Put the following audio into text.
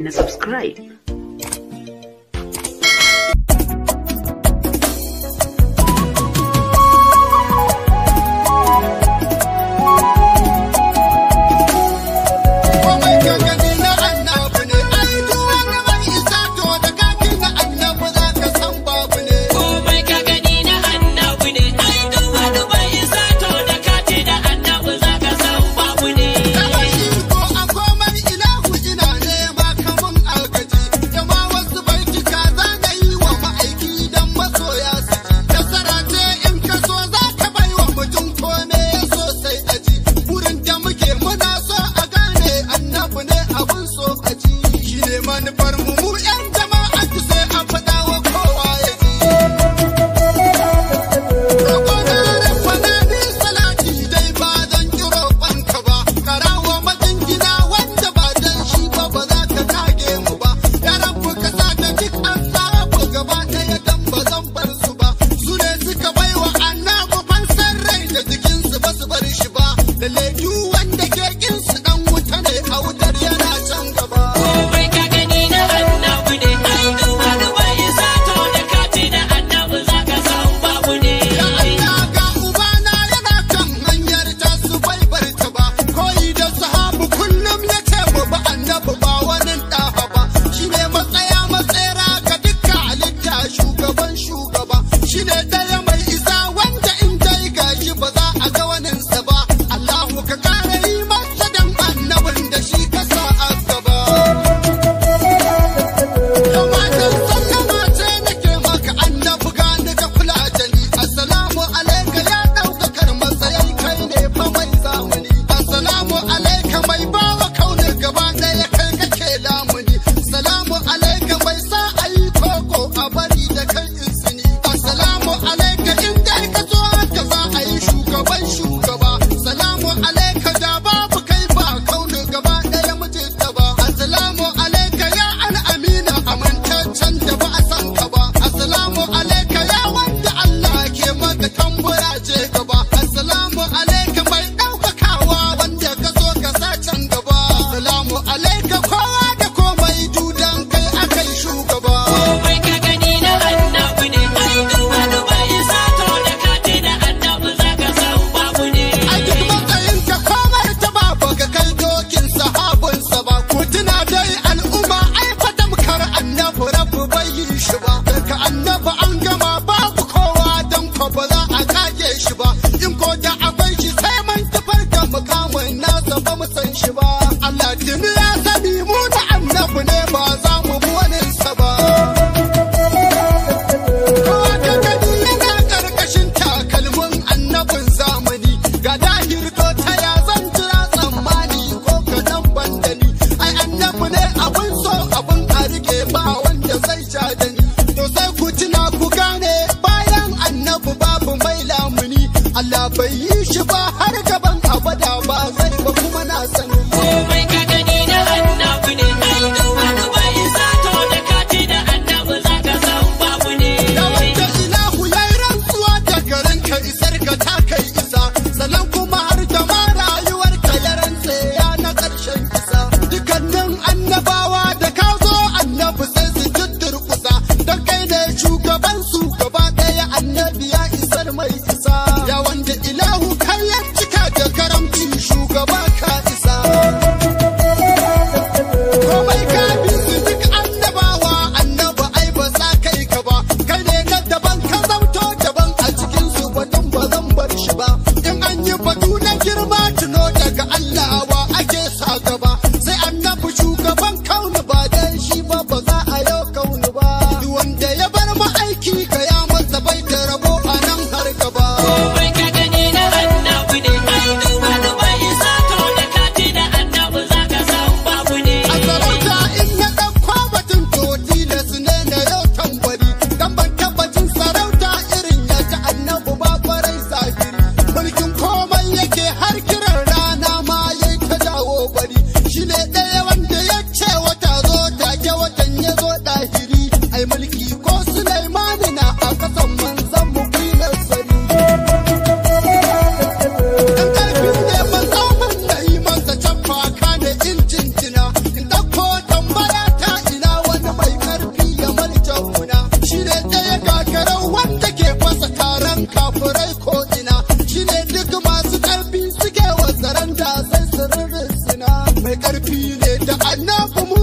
And subscribe geç bak bai yi shi ba har gaban repudiator. And now for